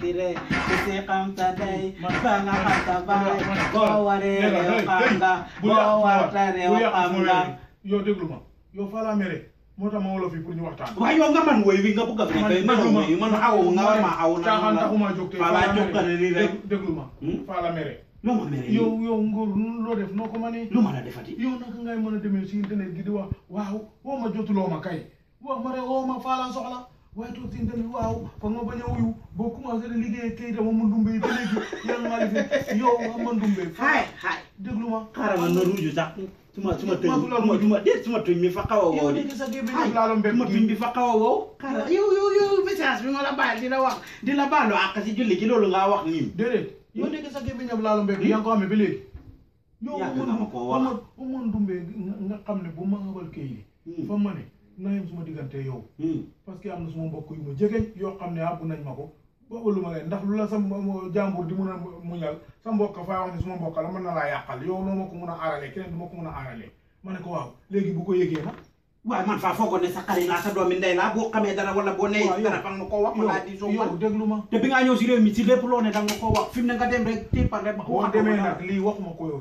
tire isi kamta dai banga kamta bai bo ware o kanga bo wartare o kanga yow déglu ma yow fa la mere moo tax ma wolof yi pour ñu waxtaan waaye yow nga man woy wi nga bëgg a fi kay man woy man aw nga war ma aw na caaxaan taxuma jóg te fala jokkale ni rek déglu ma hmm? fa la mere lu ma mere yow yow ngóor loo def noo ko mane lu ma la defati yow naka ngay mën a demee si internet gi di wax waaw woo ma jotuloo ma kay wax ma rek woo ma faalaan soxla waaye tuut si nga waaw foog ma bañ a wuyu boo commencé liggéey kayita ma Mandoumbé yi ba léegi yàlla maa ngi fi yow ma Mandoumbé. xaay xaay déglu ma. xaaral ma na ruuju sax. su ma su ma tuñ su ma déet su ma tuñ mi fa xaw a woo de. mi fa a woo. xaaral yow bi ma la baal di la wax di la baalu àq si julli gi loolu ngaa wax nii. déedéet yow dégg sa gémmiñ ab laalu mbéy yaa ngi ko amee na ma koo wax yow ma Mandoumbé nga xam ne bu ma abal kayit hmm. fa ma ne na yem suma diggante yow. Hmm. parce que am na suma mbokk yu ma jege yoo xam ne àbb nañ ma ko boobu lu ma leen ndax lu la sa jàmbur di mun a muñal sa mbokk faa wax ne suma mbokk la mën na laa yàqal yow noo ma ko mun a aaralee keneen du ko mun a aaralee ma ne ko waaw léegi bu ko yëgee nag. waaw man sa xarit laa sa doomi wala boo nee dara fang na koo wax wala di soo yow déglu ma te bi ngaa ñëw si réew mi si lépp loo ne wax fi mu ne nga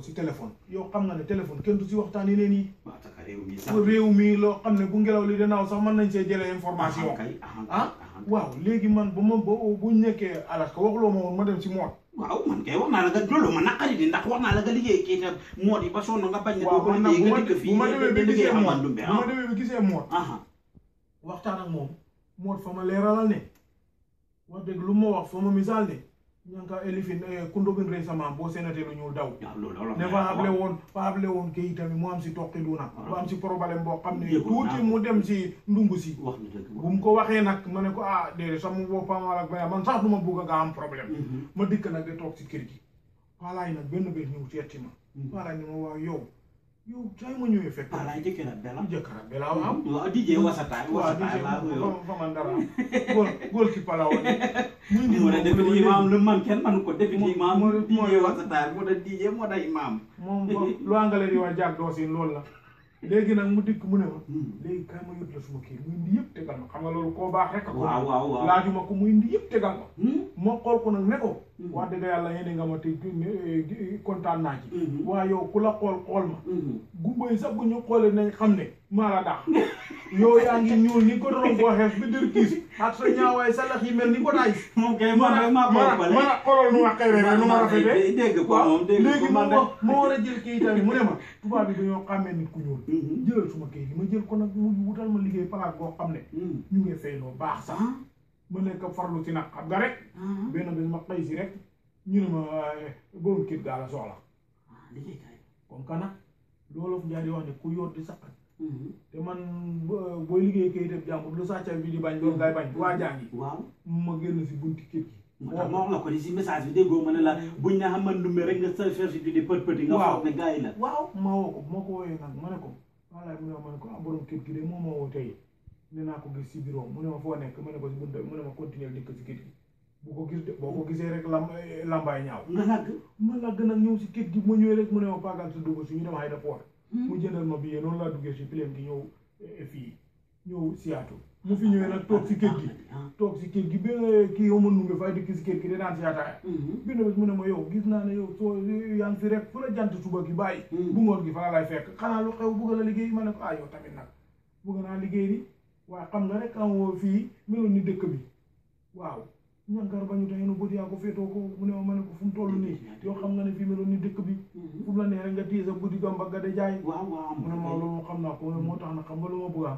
si téléphone yow xam na ne téléphone kenn du si waxtaan yi réew mi sax réew mi loo xam kan ne bu ngelaw li sax nañ information ah waaw léegi man bu ma bu Alaska waxuloo ma woon ma dem si mool waaw man kay wax naa la nga loolu ma naqari di ndax wax naa la nga liggéey kii tam yi ba nga bañ ko liggéey nga bu ma demee bi bu ma demee bi gisee mool waxtaan ak moom mool fa ne wax lu ma wax ne ñanka élifin eh, Kundubin récemment boo sénatee lu ñuul daw ah, ne fa xable woon fa xable woon kii tamit mu am si toqi duuna ah. mu am si problème boo xam ne tuuti mu dem si ndungu si bu mu ko waxee nag ma ne ko ah déedéet sax mu boppam ak baya man sax du ma bugg a nga am problème mhm. ma dikk nag de toog si kër gi waalaay nag benn bés ñëw seeti ma mhm. waalaay ni ma waaw yow yow tey ma ñëwee fekk. voilà jëkkër ak Bella. a ak Bella waaw. Mm. a DJ wasataay. wasataay laa ko yow fa man dara. góor góor ki pala woon. muy mu ne depuis li imaam lu man kenn manu ko depuis li imaam. moo DJ wasataay moo da DJ moo da imaam. moom lu angale di wax jàpp doosin loolu la. léegi nag mu dikk mu ne ma. Hmm. léegi kay ma yóbbu la suma kii muy indi yëpp tegal ma xam nga loolu koo baax rek. waaw waaw waaw laajuma ko muy indi yëpp tegal ma. moo hmm? xool ko nag ne ko. wax mhm. dëgg yàlla yéene nga ma te junne kontaan naa ci mhm. waaye yow ku la xool xool ma mhm. gumba yi sax bu xoolee nañ xam ne maa la yo yow yaa ngi ni ko doon koo xees bi dir kiis ak sa ñaawaay sa lax yi mel ni ko daaj moom kay man ma man a xoolal nu ma xewee rek nu ma rafetee dégg ko moom dégg léegi war a jël kii tamit mu ma tubaab bi dañoo xàmmee nit ku ñuul jëlal suma kii yi ma jël ko nag wutal ma liggéey palaat boo xam ne ñu ngi fay loo baax sax ah. ma nekk farlu ci nag xam nga rek. benn bés ma xëy rek ñu ne ma eh, borom kër gaa la soxla. Ah, liggéeykaay kon kana loolu fu njaay di wax ne ku yor di saqat te man booy liggéey kayitam jàmbur lu sàcca bi di bañ loolu ngay bañ waa jàngi waaw ma génn si bunti kër gi moo ma wax la ko ni si message bi déggoo ma ne la buñ ne xaman numé rek nga sa cherche di di pët pëti nga foog ne gars yi la waaw ma woo ko moo wooyee nag ma ne ko wallaay mu ne ma ne ko ah borom moom moo woo ne naa ko gis si bureau ma foo nekk mu ne ko si buntu mu ne ma continuer dikk si kit gi bu ko gis boo ko gisee rek lam lambaay ñaaw nga làgg ma làgg nag ñëw si kit gi ma ñëwee rek mu ne ma pagal sa e si ñu dem aéroport hmm. mu jëndal ma billet noonu laa duggee si plane gi ñëw eh, fii ñëw Seattle mu ah, fi ñëwee nag toog si kër gi ah, ah. toog si gi ba eh, kii yow mën nga fay gi di naan si ataaya e bés mu ne ma yow gis naa ne yow soo yaa ngi fi rek fu la jant suba gi bàyyi hmm. bu ngoon gi faa lay fekk xanaa lu xew bëgg la liggéey ma ne ko ah yow tamit nag bëgg naa liggéey waaye xam nga rek en fii meloon ni dëkk bi waaw ñànkar ba ñu tey nu bët yaa ko féetoo ko mu ne ma ne ko fu mu toll nii yoo xam nga ne fii meloon ni dëkk bi mhm. fu mu la nee rek nga téye sa buddi gamba ga de jaay waaw xam naa moo tax na xam nga lu ma bëgg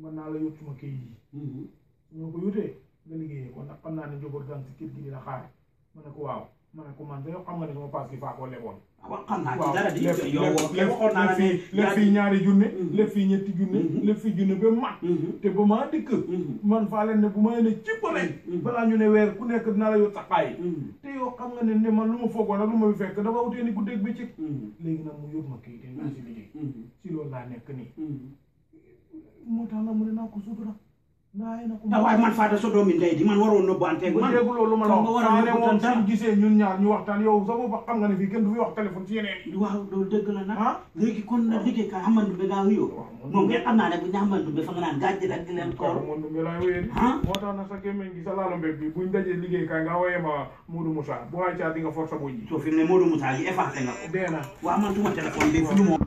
mën naa la yóbbu suma kayit yi ñoo mhm. ko yóotee nga liggéeyee ko ndax xam naa ne njaboot gan si kër gi di la xaar ma ne ko waaw ma ne ko man de yow xam nga ne sama paas gi faa ko leboon. Ah, waaw xam naa ci dara ñaari junne. Mm-hmm. lépp fii ñetti junne. Mm-hmm. lépp fii junne ba mat. Mm-hmm. te ba maa dëkk. man faa leen ne bu ma leen ne cib rek. ñu ne weer ku nekk dina la yow taxaay. te yow xam nga ne ne man lu ma foogoon ak ma fekk dafa wutee ni guddeeg bëccëg. léegi nag waaye man Fada sa doomi di man waroon na bante bu dégg loolu ma la wax ne moom suñ gisee ñun ñaar ñu waxtaan yow sa bopp xam nga ne fii kenn du wax téléphone ci yeneen waaw loolu dëgg la nag ah? léegi kon nag liggéey ka xamandu be na wuyoo moom ngeen xam naa ne bu ñu xamandu be fa nga naan gàjj rek koor xamandu ah? moo tax na sa gémmiñ gi sa laalo mbéb bi buñ dajee liggéey kaay nga wooyee ma Modou Moussa bu waay caa di nga force bo ji soo fi ne Modou Moussa yi effacé nga ko dee na man tuma téléphone bi fu ñu moom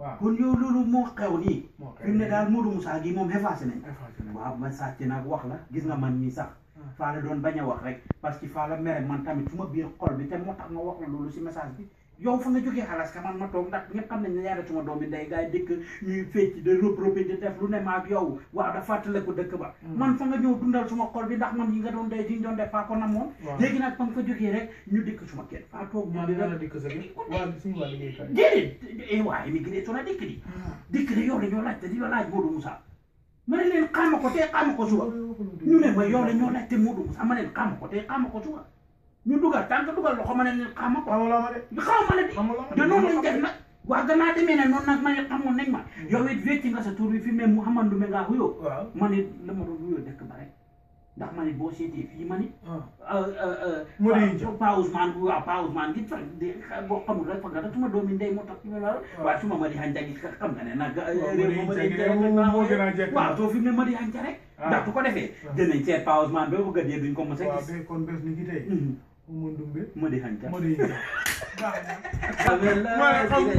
waaw kon yow loolu moo xew nii. moo xew ne daal Modou Moussa gi moom effacé nañ. waaw man sàcc wax la gis nga man mii sax. Ah. faala doon bañ a wax rek parce que faala mere man tamit fu ma biir xol bi te moo tax ma wax la loolu si message bi. yow fa nga jógee Alaska man ma toog ndax ñëpp xam nañ ne yaara suma doomi ndey gaay dëkk ñuy fecc de reprobé di def lu ne maag yow waaw da fàttale ko dëkk ba hmm. man fa nga ñëw dundal suma xol bi ndax man yi nga doon dee yi ñu doon def faa ko na moom léegi nag fa nga ko jógee rek ñu dëkk suma kenn faa toog ñu déedéet eh, dëkk di hmm. dëkk di yow la ñoo laaj te di la laaj Modou Moussa ma ne leen xaama ko tey xaama ko suba ñu ne ma yow la ñoo laaj te Modou Moussa ma ne leen xaama ko tey xaama ko suba ñu dugal tant que dugal loxo ma ne leen xaw ma ko. xaw ma de. xaw ma la de. de noonu lañ def nag. waa gannaaw demee ne noonu nag ma ne xamoon nañ ma. Mm. yow it wécc nga sa tur bi fi mu ne Mouhamadou Mbengue ngaa wuyoo. waaw ma ne la ma doon wuyoo dëkk ba rek. ndax ma ne boo seetee fii ma ne. Ah. Euh, euh, euh, mu ne yi Pa Ousmane waaw Pa Ousmane gi tax de boo xamul rek fa nga suma doomi ndey moo tax fi mu ne la. waaw suma Madi Hanja gi xam nga ne nag. réew ma Madi Hanja rek moo gën a jekk waaw soo fi mu ne Madi Hanja rek. Ah. ndax du ko defee. Ah. dinañ seet Pa Ousmane ba bëgg a dee duñ ko mos a gis. waaw kon bés ni ki tey. Mm-hmm. Mondumbe. Modi Hanja. Modi Hanja.